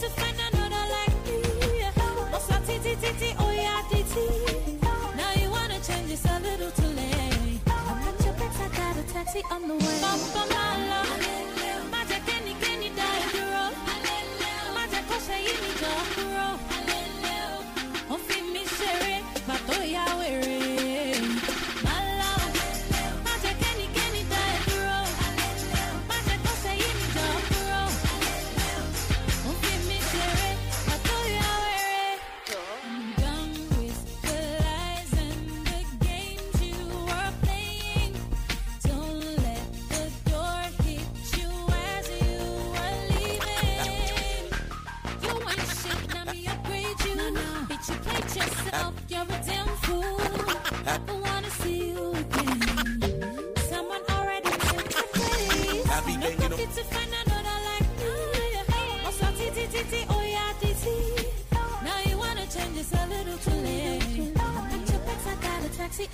to find another like me. oh yeah Now you wanna change, a little too late. at your I got a taxi on the way.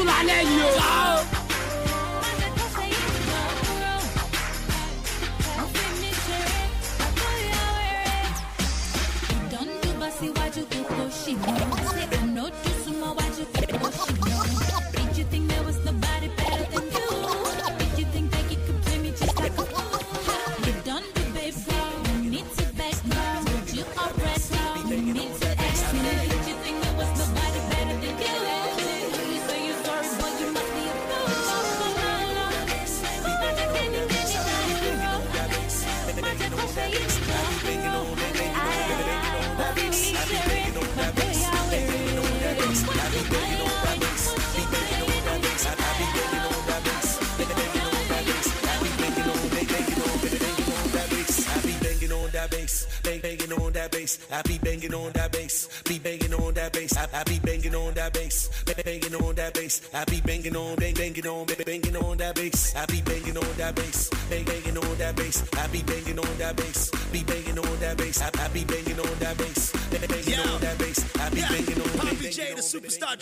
i lálẹ́ yìí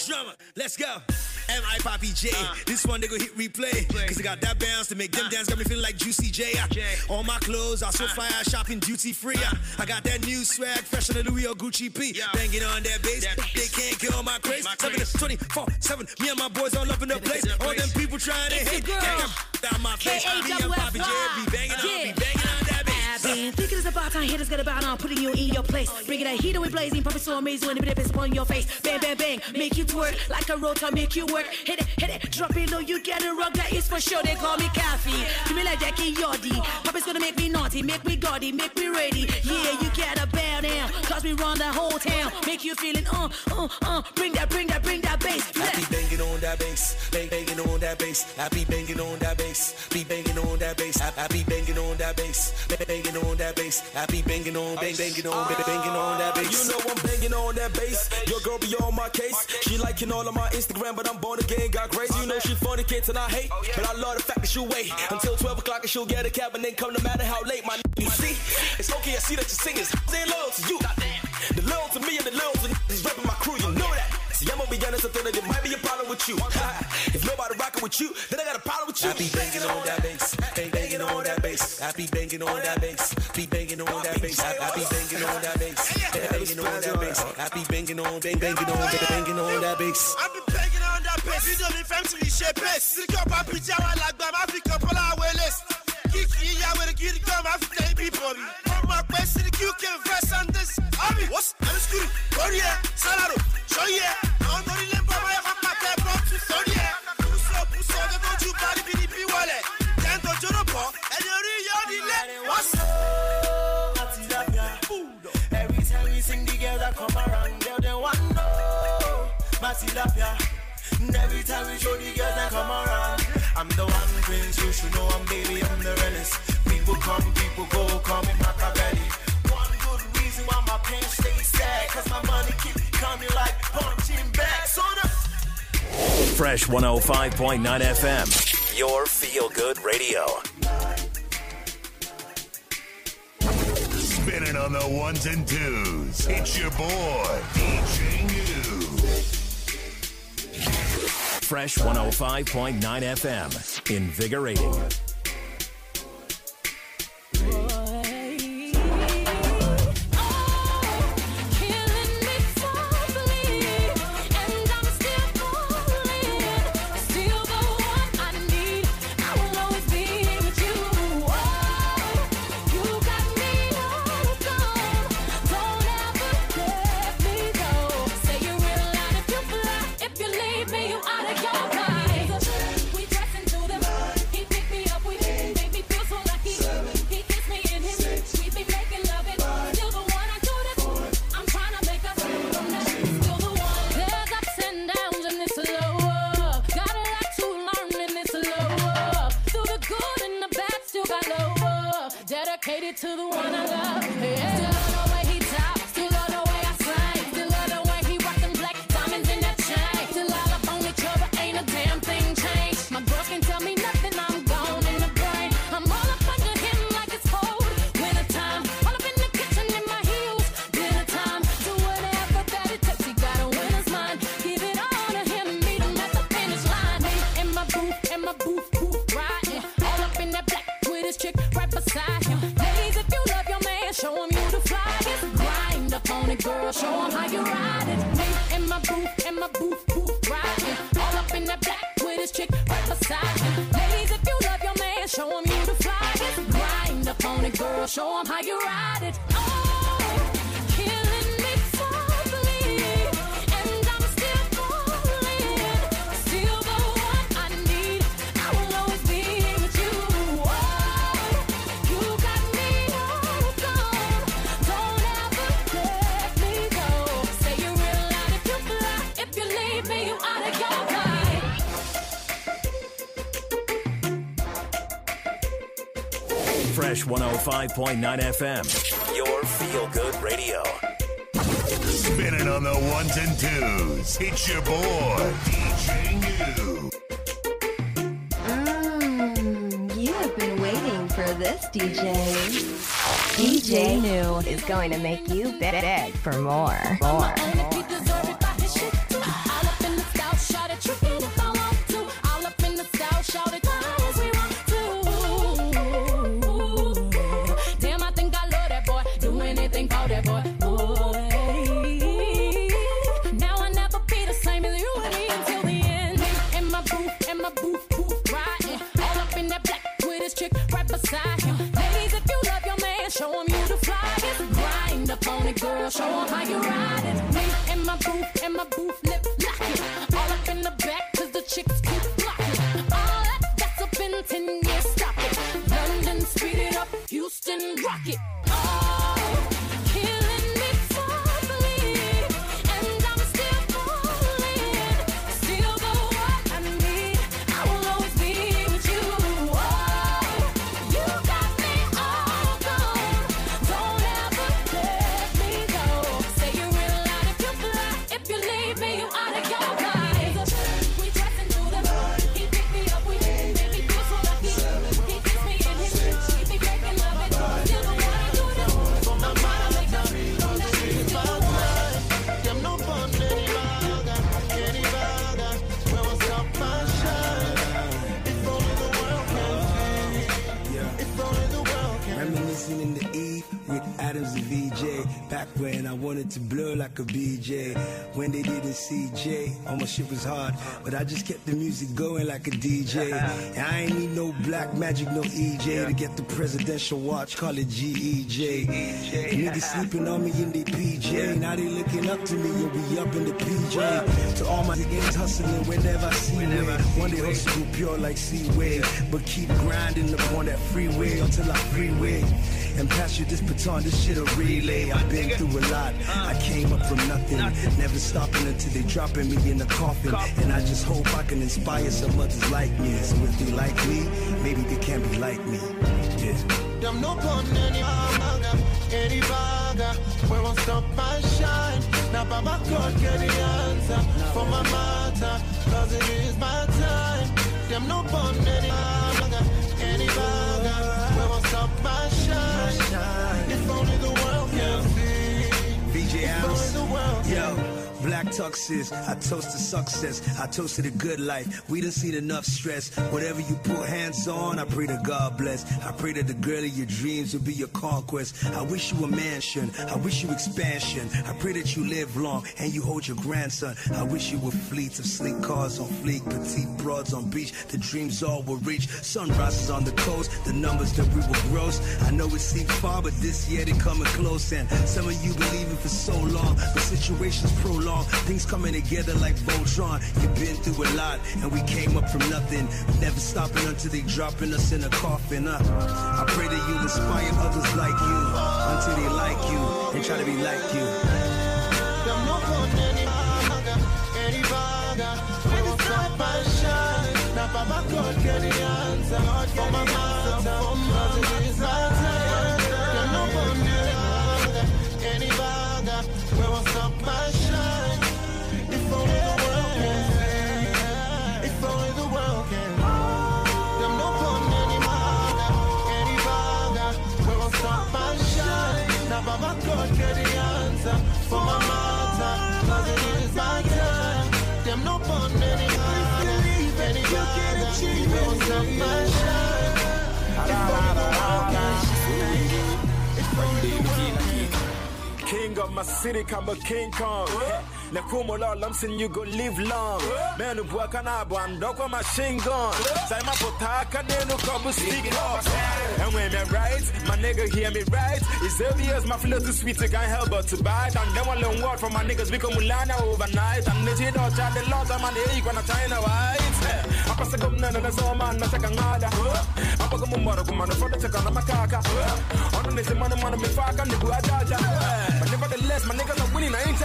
drummer. Let's go. M.I. Poppy J. Uh, this one they go hit replay. Cause I got that bounce to make them uh, dance. Got me feeling like Juicy J. Uh, All my clothes are so uh. fly, shopping duty free. Uh. Uh, I got that new swag, fresh on the Louis or Gucci P. Yo. Banging on that bass, that they can't kill my craze. My craze. 24 7. Me and my boys all up in the place. All them people trying to hate. Out my face. Be banging on, be banging on that man. Thinking it's about time hitters got about on, putting you in your place. Bringing that heat away blazing, Poppy so amazing when the bit is upon your face. Bang, bang, bang, make you twerk like a rotor, make you work. Hit it, hit it, drop it low, you get it wrong, that is for sure. They call me Kathy, give me like Jackie Yardy. Poppy's gonna make me naughty, make me gaudy, make me ready. Yeah, you gotta bell now, cause we run the whole town. Make you feeling, uh, uh, uh, bring that, bring that, bring that bass. I be banging on that bass, bang, banging on that bass. I be banging on that bass, be banging on that bass. I, I be banging on that bass, bang, banging banging on that bass. I be banging on, bang, banging on, baby, banging on that bass. You know I'm banging on that bass. Your girl be on my case. She liking all of my Instagram, but I'm born again, got grace. You know she funny kids and I hate, but I love the fact that she wait until 12 o'clock and she'll get a cab and then come no matter how late. My you see, it's okay. I see that you're singing. Say love to you. The love to me and the love to is repping my crew. You know that. See, I'm gonna be honest. something that there might be a problem with you. if nobody rocking with you, then I got a problem with you. I be banging on that bass on that bass. I be banging on that bass. Be banging on that bass. I be banging on that bass. I be Banging on that bass. I be banging on, bang, banging on, banging on that bass. I be banging on that bass. You don't fam to share bass. Sick up, I be jawa like my Africa, pull out wireless. Kiki, yeah, with a giddy gum, I be people. From my quest to the QK, verse on this. I be, what's, I'm a screw. Go yeah, Salado, show yeah. I don't know Every time we sing the girls that come around, want Matilapia. every time we show the girls that come around, I'm the one prince, you should know I'm baby, I'm the realest. People come, people go, call me One good reason why my sad, cause my money coming like punching back. So the Fresh 105.9 FM, your feel good radio. on the ones and twos. It's your boy, DJ New. Fresh 105.9 FM. Invigorating. this chick right beside him. Ladies, if you love your man, show him you the flyest. Grind up on it, girl, show him how you ride it. Me in my booth, in my booth, booth riding. All up in that black with his chick right beside him. Ladies, if you love your man, show him you the flyest. Grind up on it, girl, show him how you ride it. Fresh 105.9 FM, your feel good radio. Spinning on the ones and twos. It's your boy, DJ New. Mm, you have been waiting for this, DJ. DJ New is going to make you beg for more. More. more. my shit was hard. But I just kept the music going like a DJ. And I ain't need no black magic, no EJ to get the presidential watch, call it GEJ. Niggas sleeping on me in the PJ. Now they looking up to me, you'll be up in the PJ. To all my niggas hustling whenever I see it. One day hustle group pure like Seaway. But keep grinding upon that freeway until I freeway and pass you this baton. This shit a relay. I've been through a lot. I came up from nothing. Never stopping until they dropping me in the coffin. And I just hope I can inspire some others like me. So if they like me, maybe they can be like me. Yeah. I'm no pun any manga, any baga. Where I stop my shine. Now Baba God get the answer for my matter. Cause it is my time. I'm no pun any Yo black tuxes. I toast to success. I toast to the good life. We done seen enough stress. Whatever you put hands on, I pray to God bless. I pray that the girl of your dreams will be your conquest. I wish you a mansion. I wish you expansion. I pray that you live long and you hold your grandson. I wish you a fleets of sleek cars on fleek, petite broads on beach. The dreams all will reach. Sunrises on the coast. The numbers that we will gross. I know it seems far, but this year they coming close. And some of you believing for so long, but situations prolong. Things coming together like Voltron. You've been through a lot, and we came up from nothing. Never stopping until they dropping us in a coffin. Uh, I pray that you inspire others like you until they like you and try to be like you. for my mind my city, I'm a King Kong. Le kumolo lumsin you go live long Menu buaka na bwando kwa machine gun Say mapotaka nenu kobu stick up And when me right, my nigga hear me right It's obvious my flow too sweet to can't help but to bite And then one long word from my niggas we come mulana overnight And niti no chat the lot I'm pass an egg when I China white Apa sa gumna na nasoma na sa kangada Apa I'm not the chakana makaka i nisi manu manu mifaka nigu ajaja But nevertheless my niggas are winning I ain't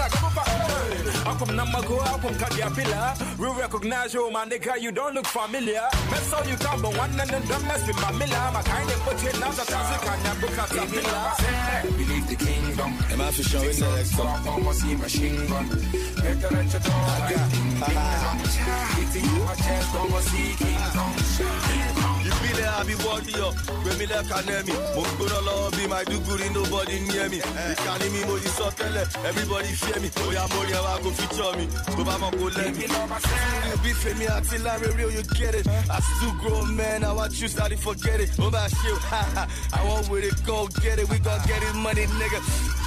how come number go? How come cut your pillar? We recognize you, my nigga. You don't look familiar. Mess all you come, but one and then don't mess with my miller. My kind of put you nose the us. You can't book out your pillar. Believe the kingdom. Am I for sure in the next one? I going to see machine gun. Better at your door. I got. It's I your chest. I want to see kingdom. Kingdom. Bílẹ̀ àbí wọ́ọ̀dì ọ̀, gbèmílẹ̀ kanẹ́mi. Mo ń gbóná nobody near me. Ìkànnì mi me, ti sọ tell everybody fear me. Bóyá mo rí ẹwà kò feature mi, tó bá mọ̀ kó lẹ́mi. You be Femi àti real, you get it. I still grow, man. I choose you to forget it. Ó bá ṣe o, ha ha. I want where it, go get it, we gon get it money nigga.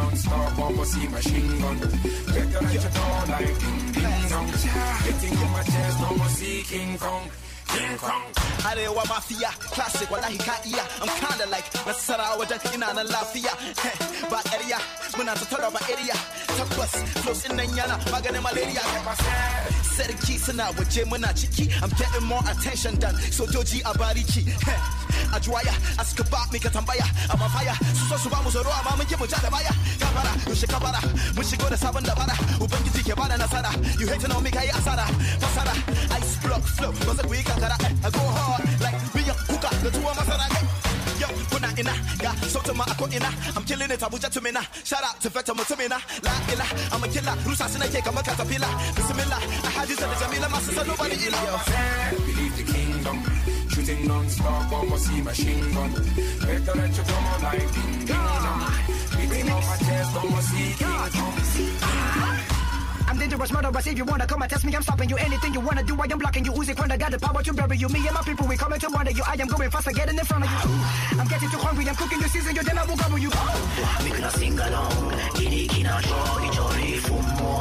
non-stop opposite machine gun. Get your light, you not like ding ding dong. Getting in my chest, no more see King Kong arewa mafiya classic wallahi ka iya i'm kinda like nasarawa dan ina nan lafiya ba ƙarya muna ta tara ba area tabbas close din nan yana maganin malaria sarki suna waje muna ciki i'm getting more attention than sojoji a bariki a juwaya a suka ba mi ka tambaya amma faya su so su ba mu tsaro amma mun ki mu ja da baya kabara yaushe kabara mun shigo da sabon dabara ubangiji ke bada nasara you hating on me kai asara fasara ice block flow ba zai ku gotta I go hard like me a kuka, the two of us are like, get. Yo, kuna ina, ya, so to my ako ina, I'm killing it, Abuja to mina. Shout out to Feta Mutumina, la ila, I'm a killer, Rusa Sinake, I'm a caterpillar, Bismillah, I had this at the Jamila, my sister, nobody illa. Believe the kingdom, shooting non-stop, almost see machine gun. Better let you come on like ding dong. Beating on my chest, almost see ding dong. I'm dangerous, murderous. If you wanna come and test me, I'm stopping you. Anything you wanna do, I am blocking you. Uzi Quan, got the power to bury you. Me and my people, we coming to murder you. I am going faster, getting in front of you. I'm getting too hungry. I'm cooking you, season you, then I will gobble you. We gonna sing along. Kini kina joy, joy, fumo.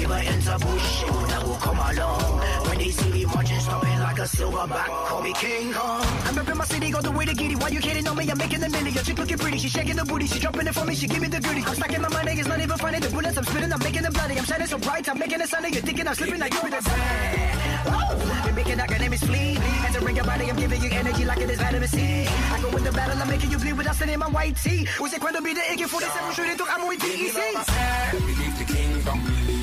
If I enter bush, you will come along. When they see me marching, stop like a silverback. Call me King Kong. I'm repping my city go the way to Giddy. Why you kidding on me? I'm making money, million. She looking pretty. She shaking the booty. She dropping it for me. She give me the goodie. I'm stacking my money. It's not even funny. The bullets I'm spitting. I'm making them bloody. I'm shining so bright. I'm making it sunny. You're thinking I'm slipping like you're in the sand. Oh, you're making academics flee. As I ring your body, I'm giving you energy like it is vitamin C. I go with the battle. I'm making you bleed without sending my white tee. Usa cuando vi the AK-47 shooting through. I'm with DEC. Believe the kingdom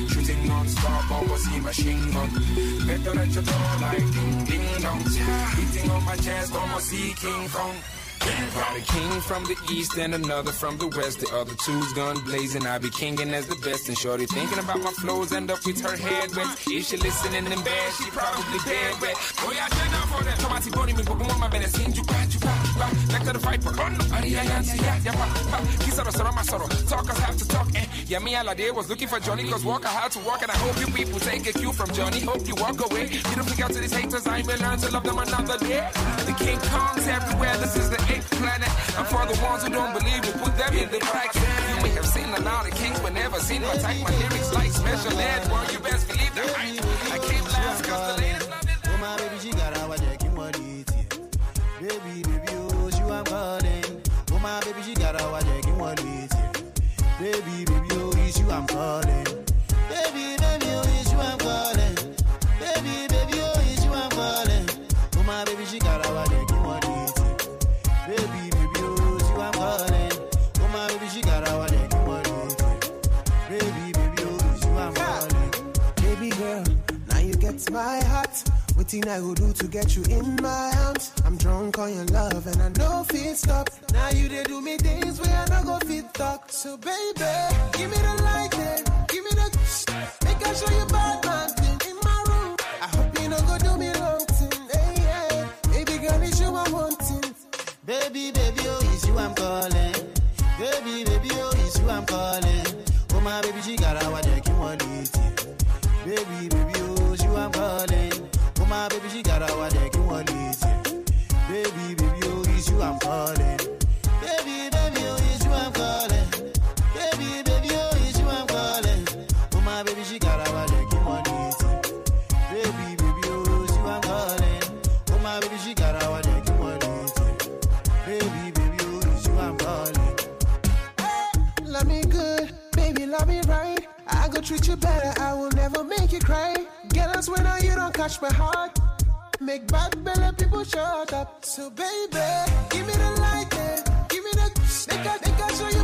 stop, I was see machine gun. Better let your door like ding ding dong. Beating on my chest, I'ma see King Kong. Got a king from the east and another from the west. The other two's gun blazing. I be kinging as the best. And shorty thinking about my flows, end up with her head wet. If she listening in bed, she probably dead wet. Voy a llenar for that. Tomati body, mi poco mama, bene, sin you, you, you, back, to the fight for aye, aye, yeah, yeah, yeah, yeah. He's out of sorrow, my sorrow. Talkers have to talk, and eh. yeah, me all day was looking for Johnny, cause Walker had to walk, and I hope you people take a cue from Johnny. Hope you walk away. You don't pick out to these haters, I may learn to love them another day. The King Kong's everywhere, this is the eighth planet. And for the ones who don't believe we put them in the bracket. You may have seen a lot of kings, but never seen my type. My lyrics like special ed. Well, you best believe that I, I came last, cause the latest. I go do to get you in my arms? I'm drunk on your love and I know fit stop. Now you they do me things where I no go fit talk. So baby, give me the light, give me the make I show you bad man thing in my room. I hope you no go do me wrong thing, hey, eh, yeah. Baby girl, it's you I'm wanting. Baby, baby, oh, it's you I'm calling. Baby, baby, oh, it's you I'm calling. Oh my baby, she got our jack in one Baby, baby, oh, it's you I'm calling my baby, she got our deck in one easy. Baby, baby, oh, it's you I'm calling. Baby, baby, oh, it's you I'm calling. Baby, baby, oh, it's you I'm calling. Oh, my baby, she got our deck in one easy. Baby, baby, oh, it's you I'm calling. Oh, my baby, she got our deck in one easy. Baby, baby, oh, it's you I'm calling. Hey, love me good, baby, love me right. I go treat you better, I will never make you cry. Cause when I you don't catch my heart, make bad belly people shut up. So baby, give me the light, give me the. make I make I show you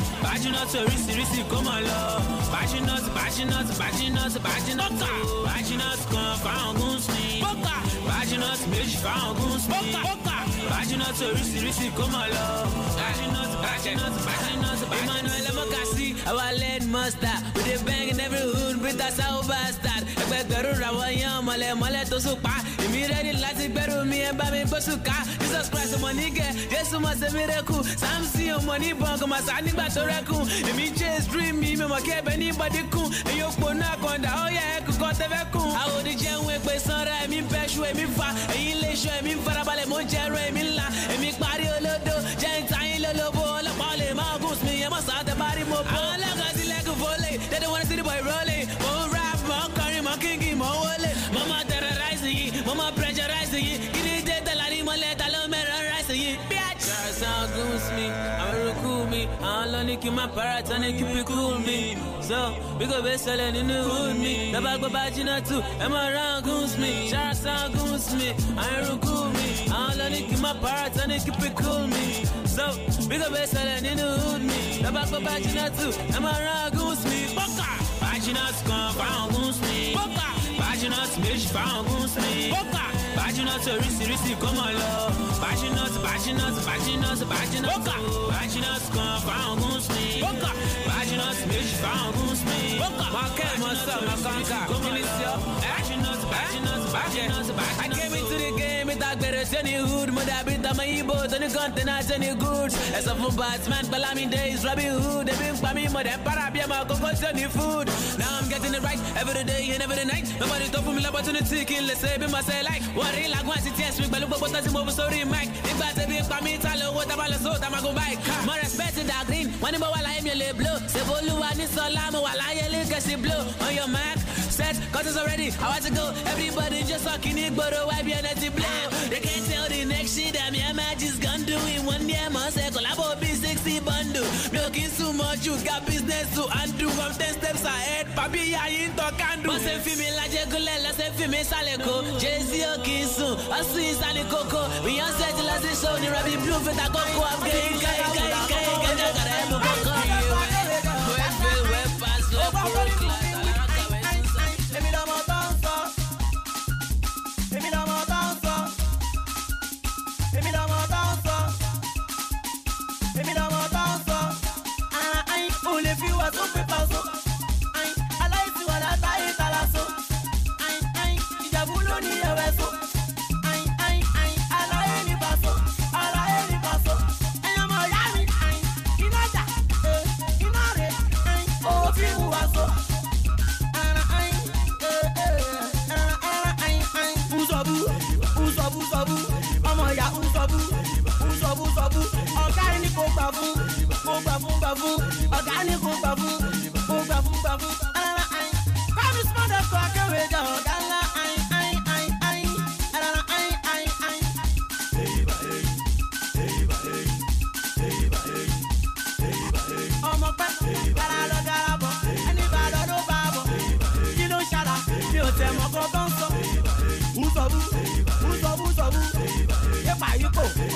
Bájú náà ti oríṣiríṣi kó mọ̀ lọ. Bájú náà ti bájú náà ti bájú náà ti bájú náà ti. Bájú náà ti kan fáwọn gún sí. Bájú náà ti méjì fáwọn gún sí. Bájú náà ti oríṣiríṣi kó mọ̀ lọ. Bájú náà ti bájú náà ti bájú náà ti bájú náà ti. Emmanuel Omokasi, our lead master, we dey bang in every hood, bring that soul bastard. Ẹgbẹgbẹ̀rún ra wọ́n male male tó sùn pa èmi rẹ́dí láti gbẹ́rù mi ẹ bá mi bó ṣùkà jesus christ ọmọ nígẹ̀ I'm ṣe mí rẹ́kù samson ọmọ níbọn kò mà sá nígbà tó rẹ́kùn èmi chase dream mi mi mọ̀ kí ẹbẹ̀ ní bọ́dí kùn èyí òpó náà kọ̀ǹda ó yẹ ẹkùn kan tẹ́fẹ́ kùn. àwòdì jẹun èpè sanra èmi bẹ́ṣu èmi fa èyí lè ṣọ èmi farabalẹ̀ mò ń jẹrun èmi ńlá èmi parí olódo jẹ́ ìtayín lólobó ọlọ́pàá ò lè má gùn sí mi ẹ mọ̀ sáà tẹ bá rí mo bó. emi besu emi fa i le so emi farabale mo n jerun emi nla emi pari olodo je itayin ọlọ́kàn ti kí parrot and para keep it cool me. So bí kò bẹ́ sẹlẹ̀ nínú hood mi. Dábàá gbọ́ bá jiná tù, am mọ̀ rán goons me. Ṣára sán goons mi, àìrùn kú mi. Àwọn lọ keep my parrot and para keep it cool me. So bí kò bẹ́ sẹlẹ̀ nínú hood mi. Dábàá gbọ́ bá jiná tù, am mọ̀ rán goons me. Bọ́kà! Bá jiná tù kan fáwọn goons me. Bọ́kà! Bá jiná tù méjì fáwọn goons me. Bọ́kà! Bajinot oríṣiríṣi kó mọ̀ lọ. Bajinot Bajinot Bajinot Bajinot. Bọ́kà. Bajinot kan fáwọn gún sí. me. Bajinot méjì fáwọn gún sí. Bọ́kà. Mọ̀kẹ́ mọ̀sán mọ̀kànkà kí ni sọ? Bajinot I came Bajinot. Oh. Yes, any hood, mother beat my ebos, any continents, any goods. As a full batsman, Balami days, Rabbi Hood, they bring for me, mother, Parabia, Marco, any food. Now I'm getting it right every day and every night. Nobody talk for me, opportunity, kill, let's say, be myself like. What real, like, once it's yes, we believe what doesn't move, sorry, Mike. If I say, be for me, tell her what about the soda, I'm going to buy. More respect to that green, when you go, I'll aim your blue. Say, Bolu, I am Solamo, I'll aim blue. On your mark, set, cause it's already, I want to go. Everybody just talking it, but a wipe your dirty blow. They can't tell the next shit that me and my just gonna do in one day. I'm on second, be 60 bundle. Milking too much, you got business to undo. i 10 steps ahead, papi, I ain't talking. Must have female, like a girl, let, us have female, Saleko. Jay-Z, okay, soon. I see coco. We are set, let's show the rabbit blue, fit, I go, go, I'm getting, getting, getting, getting, getting, getting, getting,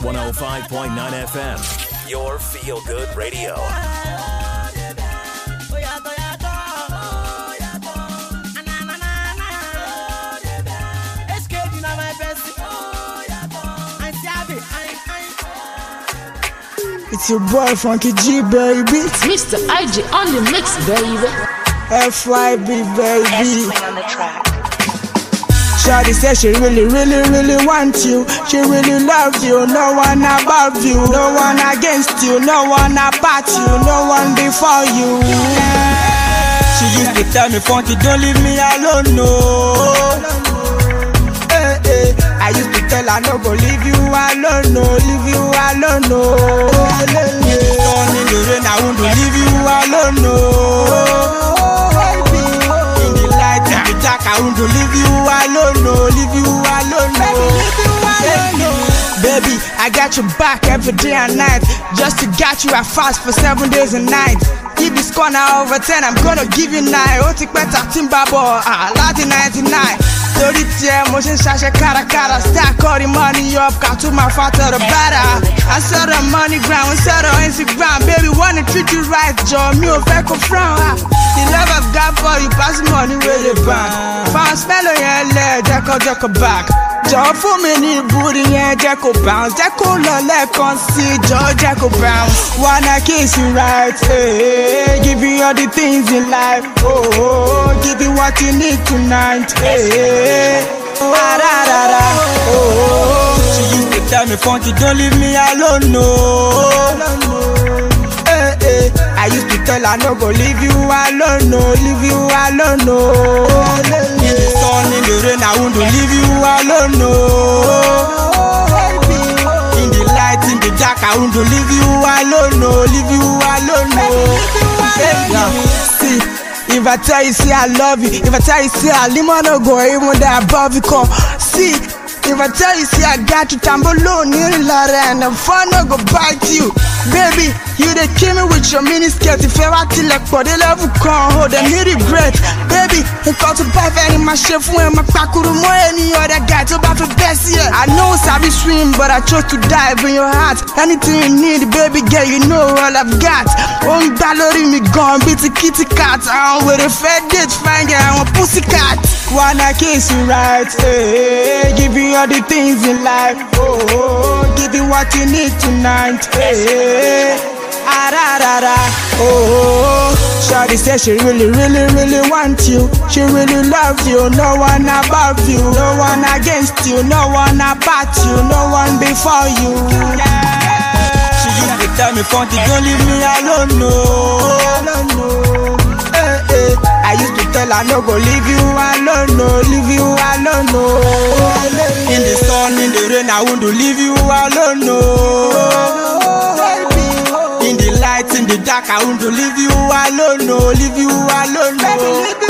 105.9 FM, your feel good radio. It's your boy Funky G, baby. It's Mr. IG on the mix, baby. FYB, baby. Shawty said she really, really, really wants you. She really loves you. No one above you. No one against you. No one apart you. No one before you. She used to tell me, Funky, don't leave me alone, no. Hey, eh, eh. hey. I used to tell her, no, go leave you alone, no, leave you alone, no. Turn in the rain, I won't leave you alone, no want to leave you alone, no, leave you alone, no. Baby, I got your back every day and night. Just to get you, I fast for seven days and nights. If this corner over 10, I'm gonna give you nine. Otik oh, better Timbabo, ah, Latin 99 torí tiẹ̀ mo ṣe ń ṣaṣẹ kárakára star kọ́rí money up ká tún máa the tọrọ I saw the money ground the instagram baby wanna treat you right jọ mi ò fẹ́ kó frown the love I've got for you pass money the bank. wey dey ban fans mélòó yẹn lẹ̀ jẹ́kọ̀jẹ́kọ̀ back. jọ fún mi ní ìbúrí yẹn jẹ́ kó bounce jẹ́ kó lọ lẹ́ẹ̀kan sí jọ jẹ́ kó bounce wanna kiss you right hey, eh, give you all the things in life oh, oh, give you what you need tonight. Hey, oh, ah, da, da, oh, oh. So you dey tell me funky don't leave me alone no. Hey, eh, eh. hey. I used to tell her no go leave you alone no leave you alone no. Yeah. down in the rain, I won't leave you alone, no. In the light, in the dark, I won't leave you alone, no. Leave you alone, no. Baby, see, if I tell you, see, I love you. If I tell you, see, I live on a go, even that above you come. See, if I tell you, see, I got you, Tambolo, Niri Lara, and the fun will go bite you. Baby, you they kill me with your act like I tilẹ̀ pọ̀ dé level kan, hold oh, them hit regret Baby, nǹkan tó buy fẹ́ my máa ṣe my ẹ Máa pakuru mọ́ ènìyàn ọ̀dẹ̀ guy tó buy fi best yeah I know be swim but I chose to dive in your heart Anything you need baby girl you know all I've got Ó ń me mi beat bíi kitty cat Àwọn a fed, date fine girl a pussy cat Wanna kiss you right, hey, eh, eh, hey, eh, give you all the things in life oh, oh, oh give you what you need tonight. Hey, eh, ah, da, da, da. Oh, Shawty says she really, really, really wants you. She really loves you. No one above you. No one against you. No one about you. No one before you. Yeah. She used to tell me, Ponty, don't leave me alone. No. I used to tell her, no go leave you alone, no, leave you alone, no. In the sun, in the rain, I want not leave you alone, no. In the light, in the dark, I want not leave you alone, no, leave you alone, no.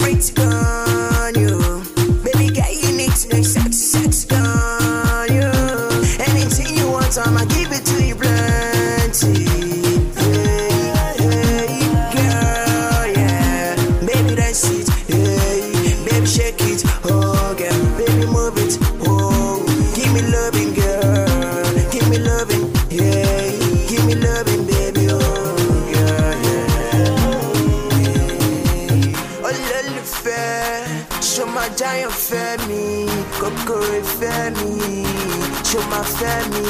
Show my giant fẹ́ mi kòkòrò ìfẹ́ mi ṣó máa fẹ́ mi.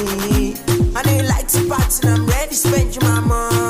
I know like to party and I'm ready to spend you my money.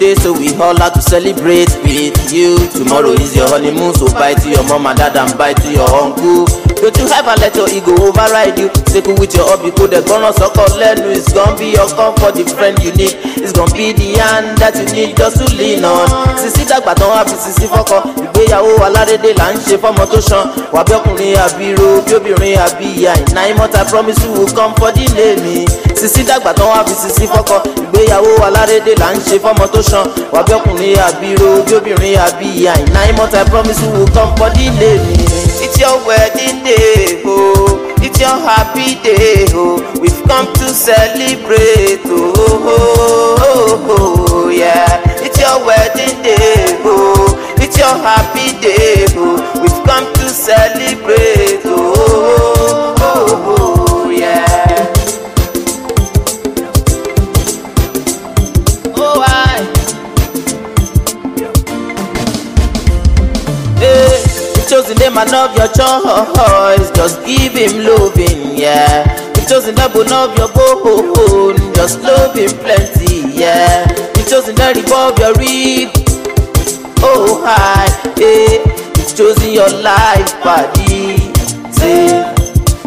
today so we holla to celebrate with you tomorrow is your honeymoon so bye to your mama dad and bye to your uncle go too high and letter e go override you seku with your hobby kó dẹ̀ gbọ́ràn Learn who is gonna be your comfort the friend you need it's gonna be the hand that you need just to lean on sisi dàgbà tán wá fi sisi fọ́kọ ìgbéyàwó alárédè là ń ṣe fọ́mọ tó ṣan wà bí ọkùnrin àbí ro bí obìnrin àbí ìyá ìná I promise you will come for the name sisi dàgbà tán wá fi sisi fọ́kọ ìgbéyàwó alárédè là ń ṣe fọ́mọ tó ṣan wà bí ọkùnrin àbí ro bí obìnrin àbí ìyá ìná I promise you will come for the name. It's your wedding day, oh. It's your happy day, oh. We've come to celebrate, oh, oh, oh, oh yeah. It's your wedding day, oh. It's your happy day, oh. We've come to celebrate, oh. chosen them, I love your choice. Just give him loving, yeah. You've chosen double of your bone, just love him plenty, yeah. You've chosen the above your rib, oh hi, hey. you chosen your life, buddy. See,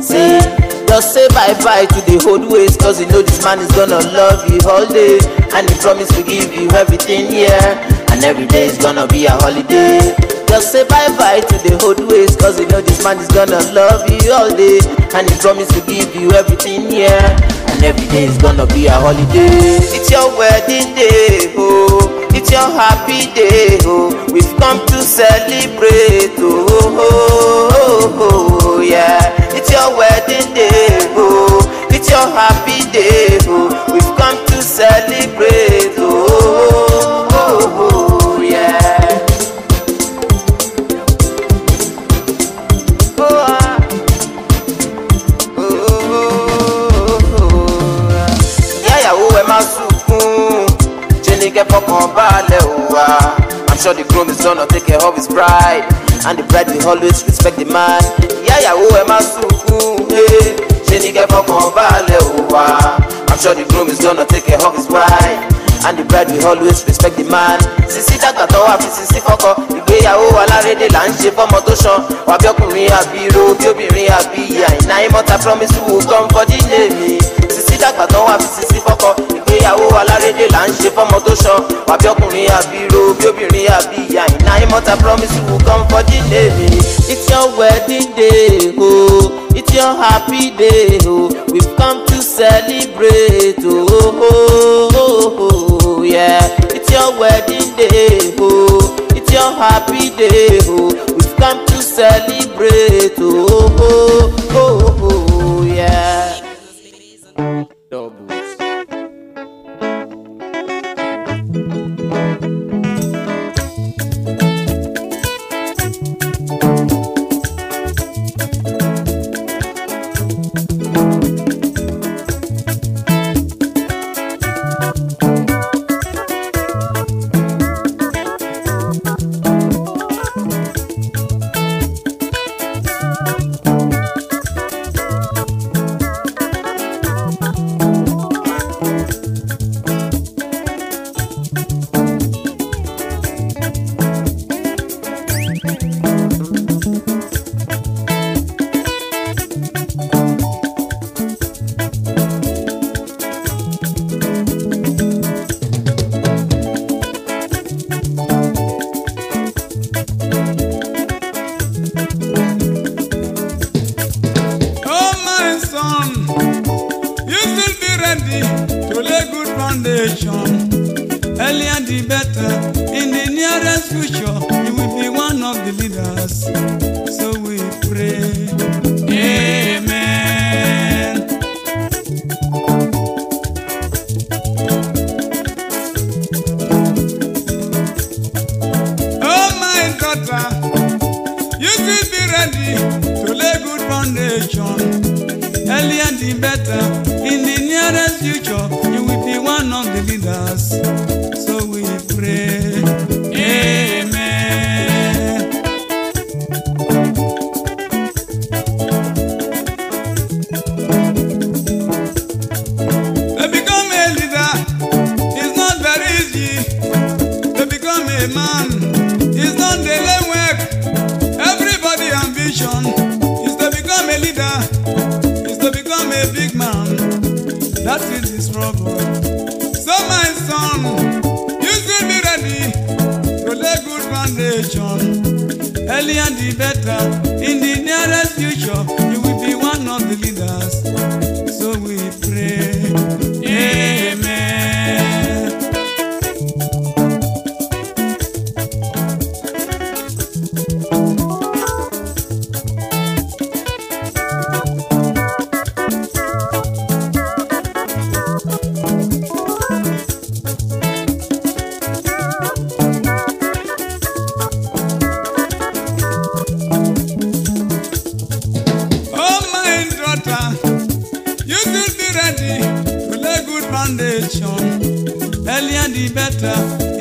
see. Just say bye bye to the old ways, cause you know this man is gonna love you all day. And he promised to give you everything, yeah. And every day is gonna be a holiday. Just say bye bye to the old ways, cause you know this man is gonna love you all day. And he promised to give you everything, yeah. And every day is gonna be a holiday. It's your wedding day, oh. It's your happy day, oh. We've come to celebrate, oh, oh, oh, oh yeah. It's your wedding day, oh. It's your happy day, oh. We've come to celebrate, oh. oh, oh, oh. fọkàn balẹ̀ wá. I'm sure the groom is gonna take care of his bride and the bride will always respect the man. Ìyá ìyàwó ẹ má sunkún eh. ṣe ní kẹ́ fọkàn balẹ̀ wá. I'm sure the groom is gonna take care of his bride and the bride will always respect the man. Sisi dàgbà tó wà fi sisi fọ́kọ ìgbéyàwó alárédè là ń ṣe fọ́mọ tó ṣan wà bí ọkùnrin àbí ro bí obìnrin àbí ìyá ìnáyé mọ́ta promise will come for the day mi. Sisi dàgbà tó wà fi sisi fọ́kọ ìgbéyàwó alárédè là ń ṣe fọ́mọ tó sọ wàbí ọkùnrin àbíró bí obìnrin àbí ìyá iná ìmọ̀ta promise will come for the mi. it's your wedding day o oh. it's your happy day o oh. we've come to celebrate o oh, oh, oh, oh, yeah it's your wedding day o oh. it's your happy day o oh. we've come to celebrate o. Oh, oh. nation, earlier the better.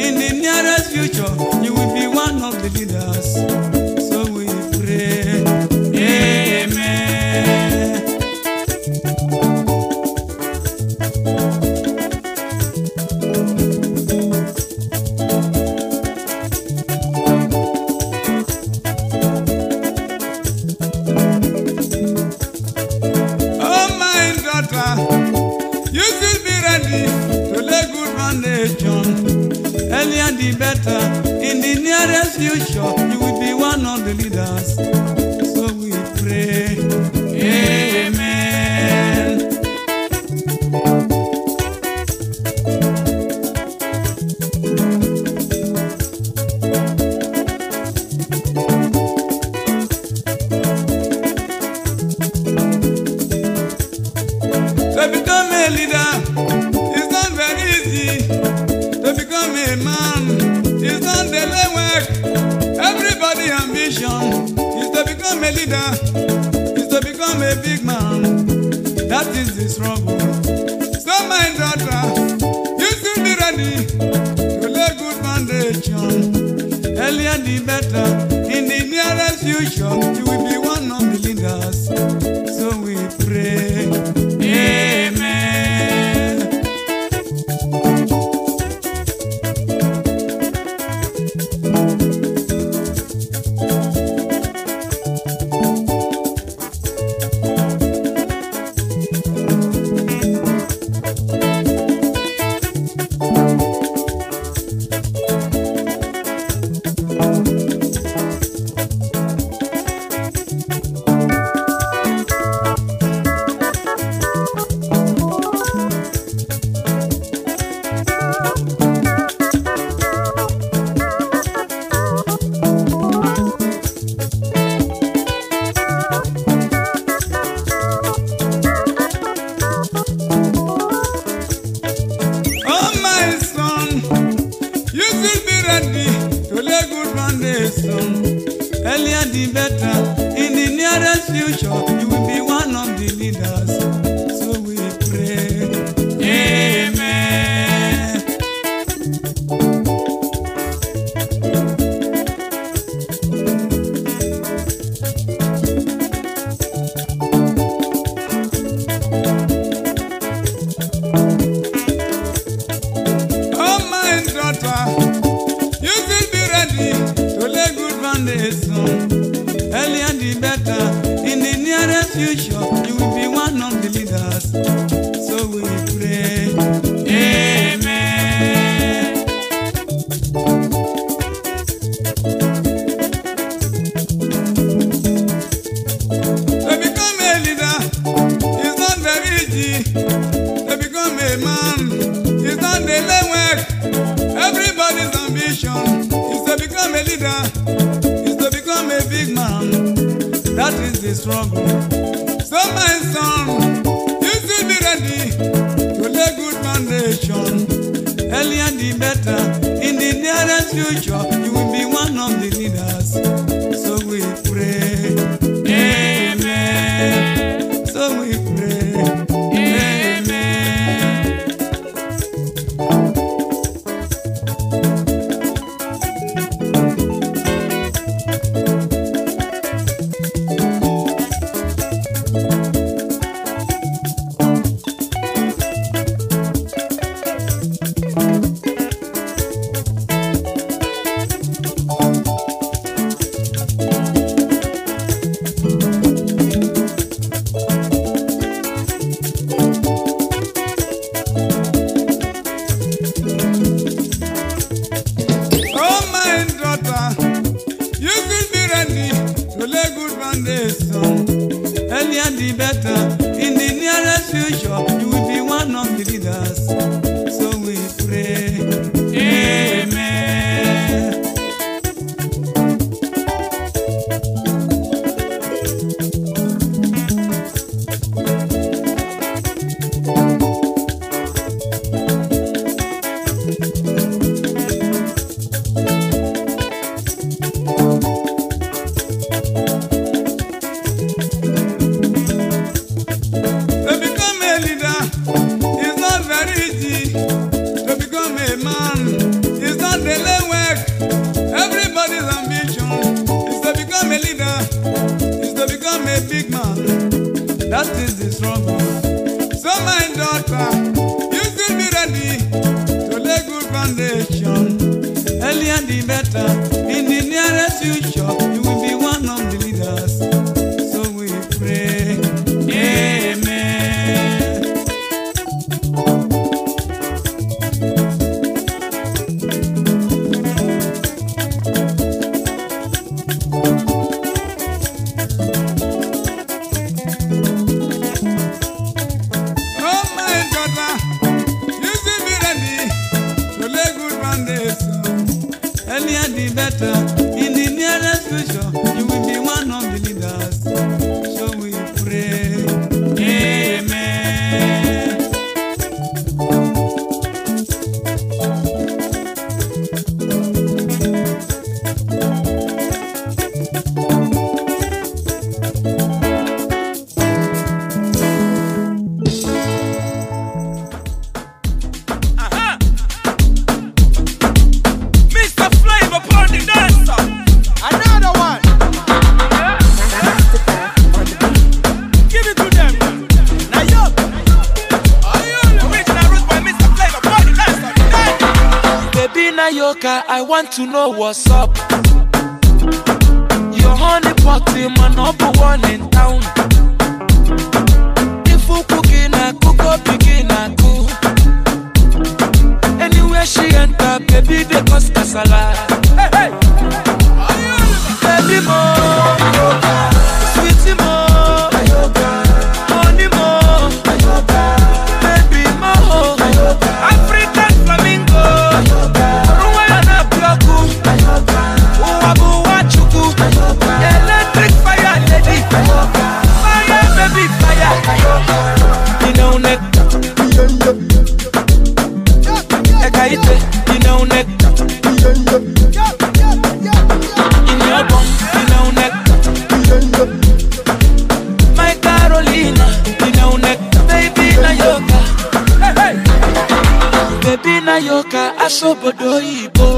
Soka asobodo Igbo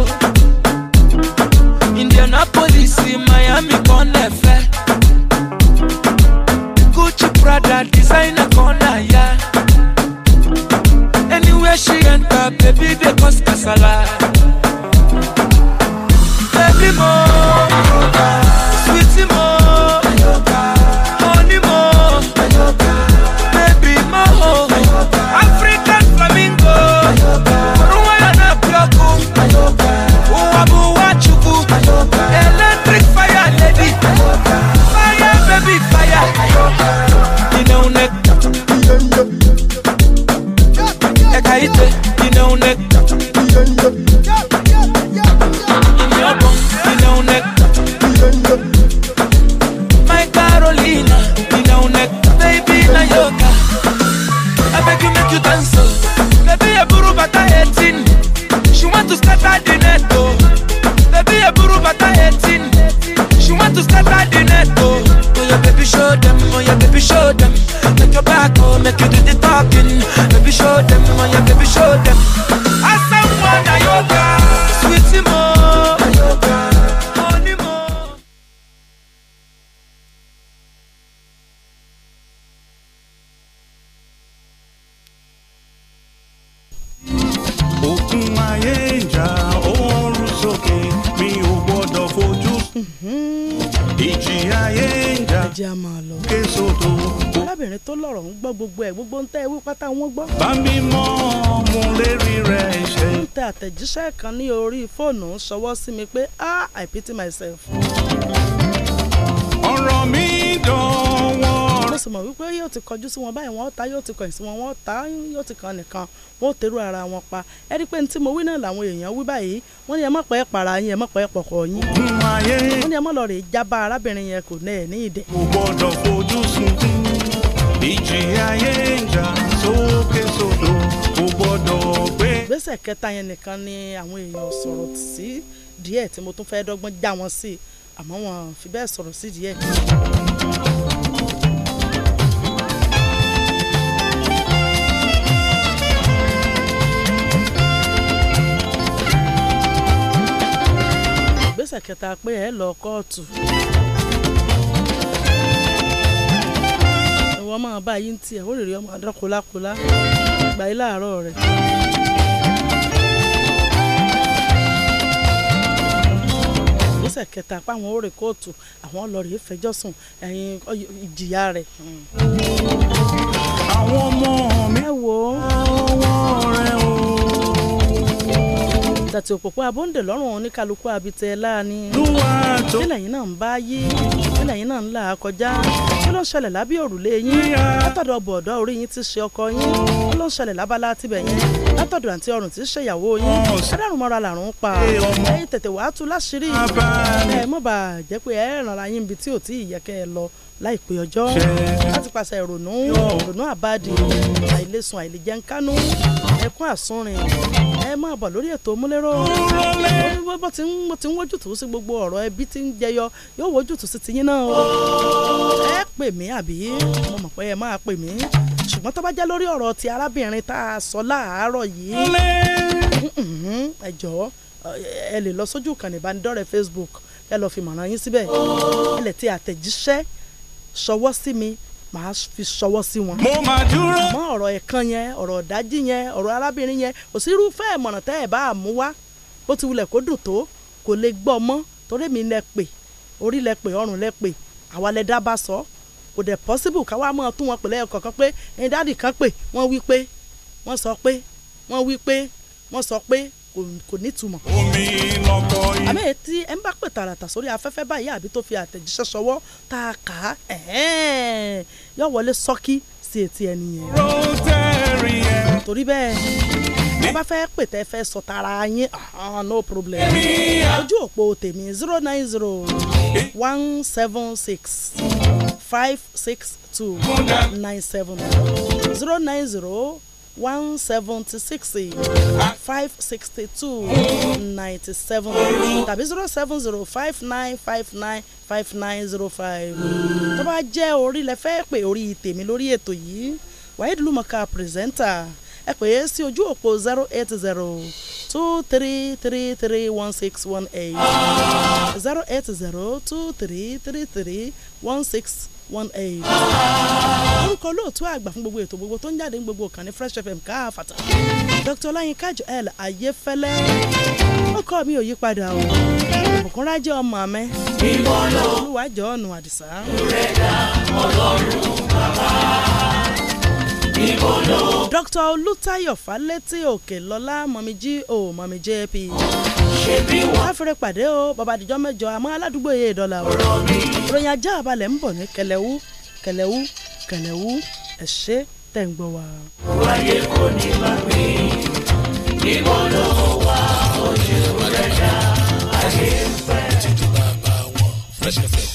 Indianapolis, Miami, Connefe mímọ́ mú lérí rẹ̀ ṣe. ń àtẹ̀jíṣẹ́ kan ní orí fóònù ṣọwọ́ sí mi pé ah, I pity myself. ọ̀rọ̀ mi dánwọ́. mo sì mọ̀ wípé yóò ti kọjú sí wọn báyìí wọn ta yóò ti kọ̀yìn sí wọn wọn ta yóò ti kàn nìkan wọn ò tẹ̀rù ara wọn pa ẹ pé tí mo wí náà làwọn èèyàn wí báyìí wọ́n ní ẹ má pẹ́ para yín ẹ má pẹ́ pọ̀kọ̀ yín wọ́n ní ẹ má lọ rè jábá arábìnrin yẹn kò náà ní ìdẹ. kò gbọ́dọ̀ fojú sunkún ìjì ayé ń jà sókè sódò kò gbọ́dọ̀ gbé. ìgbésẹ̀ kẹta yẹn nìkan ni àwọn èèyàn sọ̀rọ̀ sí díẹ̀ tí mo tún fẹ́ dọ́gbọ́n já wọn sí àmọ́ wọn fi bẹ́ẹ̀ sọ̀rọ̀ sí díẹ̀. ìgbésẹ̀ kẹta pé ẹ lọ kóòtù. wọn máa bá yín tiẹ̀ ó lè ọmọ àdán kólákólá gbà yín láàárọ̀ rẹ̀. ìgbésẹ̀ kẹta páwọn ó rè kóòtù àwọn lọ rèé fẹjọ́ sùn ẹ̀yìn ìjìyà rẹ̀. Hmm. àwọn ọmọ mi tàti òpópó abóńdè lọ́rùn oníkálukú abitẹ láàánú. sílẹ̀ yìí náà ń bá yí sílẹ̀ yìí náà ń là á kọjá kí ló ń ṣẹlẹ̀ lábí òrùlé yín látọ̀dọ̀ bọ̀ọ̀dọ̀ orí yín ti ṣe ọkọ yín kí ló ń ṣẹlẹ̀ lábala tibẹ̀ yín látọ̀dọ̀ àǹtí ọrùn ti ṣe ìyàwó yín ẹ̀dàrún mọ́ra làrún pa ẹ̀yìn tètè wàá tú láṣìírí ẹ̀ mọ̀ bà jẹ́ pé ẹ̀ ràn ara yín ibi tí ò tí ì yẹ kẹ́ ẹ lọ láìpẹ́ ọjọ́ láti pàṣẹ ìrònú ìrònú àbáàdì àìlèsùn àìlèjẹun kánú ẹkún àsúnrin ẹ máa bọ̀ lórí ètò múlẹ́rọ̀ bó ti ń wójútùú sí gbogbo ọ̀rọ̀ ẹbí tí ń jẹyọ yóò wójútùú sí tiyín náà o ẹ pè mí àbí mo mọ̀ pé ẹ máa pè mí ṣùgbọ́n tó bá jẹ́ lórí ọ̀rọ̀ ti arábìnrin tá a sọ láàárọ̀ yìí ẹ jọ̀ọ́ ẹ lè lọ sójú ìkànnì ìbánidọ́rẹ̀ẹ́ Facebook ẹ lọ fi mọ̀ràn yín síbẹ̀ ẹ lè ti àtẹ̀jíṣẹ́ ṣọwọ́ sí mi màá fi ṣọwọ́ sí wọn. mo máa dúró. àmọ́ ọ̀rọ̀ ẹ̀kan yẹn ọ̀rọ̀ ìdájí yẹn ọ̀rọ̀ arábìnrin yẹn kò sí irúfẹ́ ìmọ̀ràn tẹ́ ẹ̀ bá a mú wá bó ti wulẹ̀ kó dùn tó kò lè gbọ́ mọ́ torí mi lẹ pè orí lẹ pè ọrùn lẹ pè àwa lẹ dá bá sọ kò dẹ̀ possible káwa máa tún wọn pẹ̀lẹ́ ọ̀kọ̀ọ̀kan pé ẹni dáàdì kan pè wọ́n wí pé wọ́n sọ pé wọ́n wí pé wọ́n sọ pé kò nítumọ̀. omi lọkọ yìí. àmì tí ẹ ń bá pè tààràtà sórí afẹ́fẹ́ báyìí àbí tó fi àtẹ̀jíṣẹ́ ṣọwọ́ tá a kà á yóò wọlé sọ́kí sí etí ẹni yẹn. torí bẹ́ẹ̀ ẹ bá fẹ́ pètè fẹ́ sọ tara yín ah, no problem ojú òpó tèmi zero nine zero one seven six five six two nine seven zero nine zero one seventy six five sixty two ninety seven tàbí zero seven zero five nine five nine five nine zero five tó bá jẹ́ orí lẹ fẹ́ pè orí tèmi lórí ètò yìí Waheed Lumaka pírẹsẹ́ńtà ẹ pè é sí ojú òpó zero eight zero two three three three one six one eight zero eight zero two three three three one six one eight. orúkọ olóòtú àgbà fún gbogbo ètò gbogbo tó ń jáde ní gbogbo ìkànnì fresh fm káfàtà dr ọláyínká joel ayéfẹ́lẹ́ ó mi ò yí padà o òkúnrájẹ ọmọ mi olúwàjọ ọ̀nà àdìsá. ìrẹ̀dá ọlọ́run bàbá níbo ló. Dr. Olùtayọ̀ Fálétí Òkèlọ́lá mọ̀míjí o mọ̀mí JP. ṣé bí wọ́n. láfẹ́rẹ́ pàdé o bàbá àdìjọ́ mẹ́jọ àmọ́ aládùúgbò yé ìdọ́là o. ìròyìn ajá àbálẹ̀ ń bọ̀ ní kẹlẹ́wú kẹlẹ́wú kẹlẹ́wú ẹ̀ ṣe tẹ̀ ń gbọ́ wa. wáyé kò ní bá mi níbo ló wà ojú rẹ̀ dá ayé fẹ́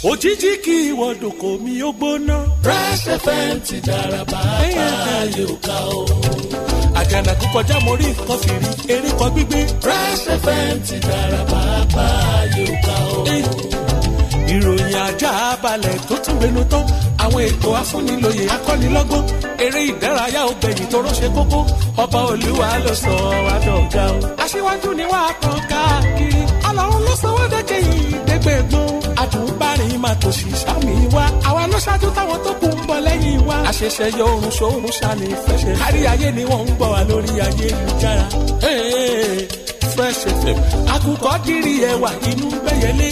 òjijì kí ìwọ́dùnkò mi ó gbóná. Fresh FM ti dára bàbá ayé ò ká o. àjànàkú kọjá mo rí nǹkan fìrí erékọ gbígbé. Fresh FM ti dára bàbá ayé ò ìròyìn ajá balẹ̀ tó tún gbénu tán àwọn ètò afúnilòyè akọ́nilọ́gbọ́n eré ìdárayá obìnrin tó rọ́ṣẹ́ kókó ọba olúwa ló sọ adọ́gà o. aṣíwájú ni wàá kàn káàkiri ọlọ́run ló sọ wọ́n dẹ́kẹ́ yìí dẹ́gbẹ̀gbọ́n àtúbárìn máa tó sì sámi wá àwa ló ṣáájú táwọn tó kù ń bọ̀ lẹ́yìn wa. àṣẹṣẹ yọ oorun ṣoorun ṣàní fẹsẹ̀ kárí ayé ni wọ́n ń gbọ́ wa lórí ayélujára fresh fm akukọ jírí ẹwà inú gbẹyẹlé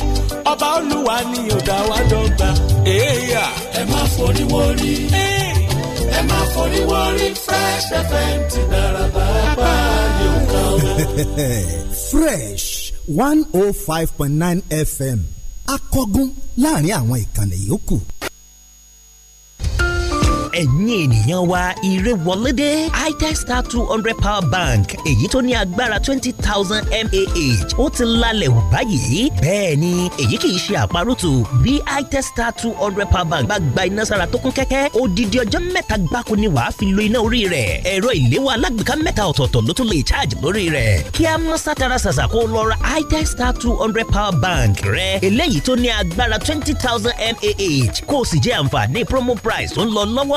ọba olúwa ni ọ̀dà wa dọ́gba. ẹ má forí wọrí ẹ má forí wọrí fresh fm ti dára pàápàá yóò kàn wá. fresh one oh five point nine fm akọgun láàrin àwọn ìkànnì yòókù ẹ̀yin ènìyàn wa ire wọlédé itel star two hundred power bank èyí tó ní agbára twenty thousand mAh ó ti lálẹ̀ wù báyìí bẹ́ẹ̀ ni èyí kì í ṣe àparùtù bí itel two hundred power bank bá gba iná sára tó kún kẹ́kẹ́ odidi ọjọ́ mẹ́ta gbáko ni wàá fi lo iná orí rẹ̀ ẹ̀rọ ìléwọ́ alágbèéká mẹ́ta ọ̀tọ̀ọ̀tọ̀ ló tún lè charge lórí rẹ̀ kí a mọ́ sátara ṣàṣà kó lọ ra itel two hundred power bank rẹ̀ eléyìí tó ní agbára twenty thousand mAh kó o sì jẹ àǹfààní promo price tó ń lọ lọ́wọ́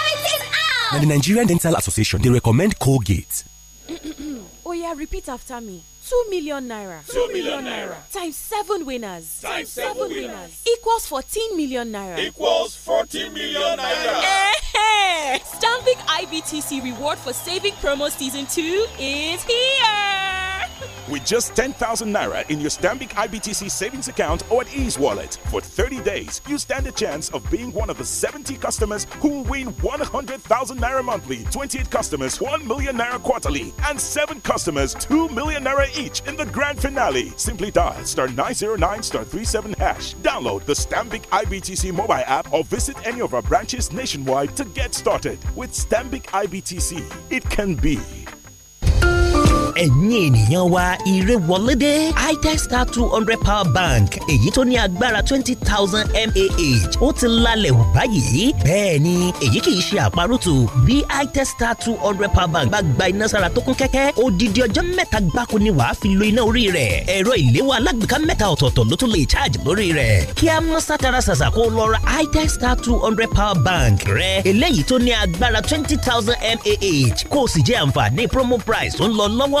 Now, the Nigerian Dental Association, they recommend Colgate. oh, yeah, repeat after me. 2 million naira. 2 million naira. Times 7 winners. Times 7, seven winners. winners. Equals 14 million naira. Equals 14 million naira. hey, hey. Stamping IBTC reward for saving promo season 2 is here with just 10,000 Naira in your Stambik IBTC savings account or at Ease Wallet. For 30 days, you stand a chance of being one of the 70 customers who will win 100,000 Naira monthly, 28 customers 1 million Naira quarterly, and 7 customers 2 million Naira each in the grand finale. Simply dial star 909 star 37 hash. Download the Stambik IBTC mobile app or visit any of our branches nationwide to get started. With Stambik IBTC, it can be. ẹ̀yin ènìyàn wa ire wọlédé itestar two hundred power bank èyí tó ní agbára twenty thousand mAh ó ti lálẹ̀ wù báyìí bẹ́ẹ̀ ni èyí kì í ṣe àparùtù bí itestar two hundred power bank bá gba iná sára tó kún kẹ́kẹ́ odidi ọjọ́ mẹ́ta gbáko ni wàá fi lo iná orí rẹ̀ ẹ̀rọ ìléwọ́ alágbèéká mẹ́ta ọ̀tọ̀ọ̀tọ̀ ló tún lè charge lórí rẹ̀ kí a mọ́ sátara ṣàṣà kó lọ ra itestar two hundred power bank rẹ̀ eléyìí tó ní agbára twenty thousand mAh kó o sì jẹ àǹfààní promo price tó ń lọ lọ́wọ́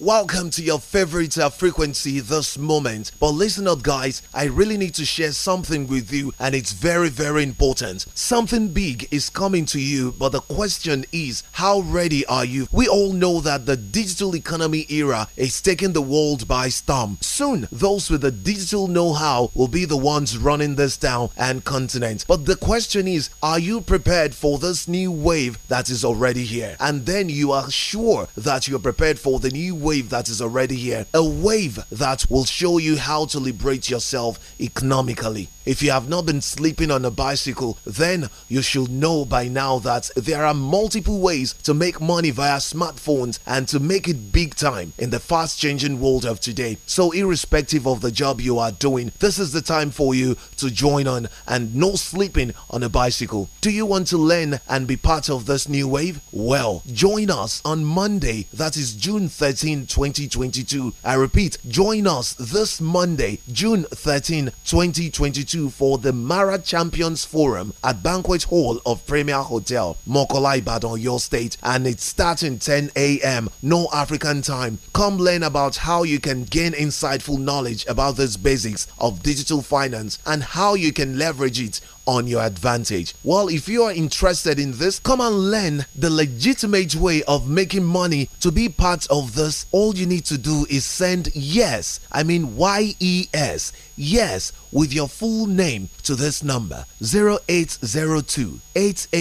Welcome to your favorite uh, frequency this moment. But listen up, guys, I really need to share something with you, and it's very, very important. Something big is coming to you, but the question is, how ready are you? We all know that the digital economy era is taking the world by storm. Soon, those with the digital know how will be the ones running this town and continent. But the question is, are you prepared for this new wave that is already here? And then you are sure that you're prepared for the new wave wave that is already here, a wave that will show you how to liberate yourself economically. If you have not been sleeping on a bicycle, then you should know by now that there are multiple ways to make money via smartphones and to make it big time in the fast changing world of today. So, irrespective of the job you are doing, this is the time for you to join on and no sleeping on a bicycle. Do you want to learn and be part of this new wave? Well, join us on Monday, that is June 13 13, 2022. I repeat, join us this Monday, June 13, 2022 for the Mara Champions Forum at Banquet Hall of Premier Hotel, Mokola Ibadan, your state, and it's starting 10 a.m. No African time. Come learn about how you can gain insightful knowledge about these basics of digital finance and how you can leverage it on your advantage. Well, if you are interested in this, come and learn the legitimate way of making money to be part of this. All you need to do is send yes, I mean Y E S, yes, with your full name to this number 0802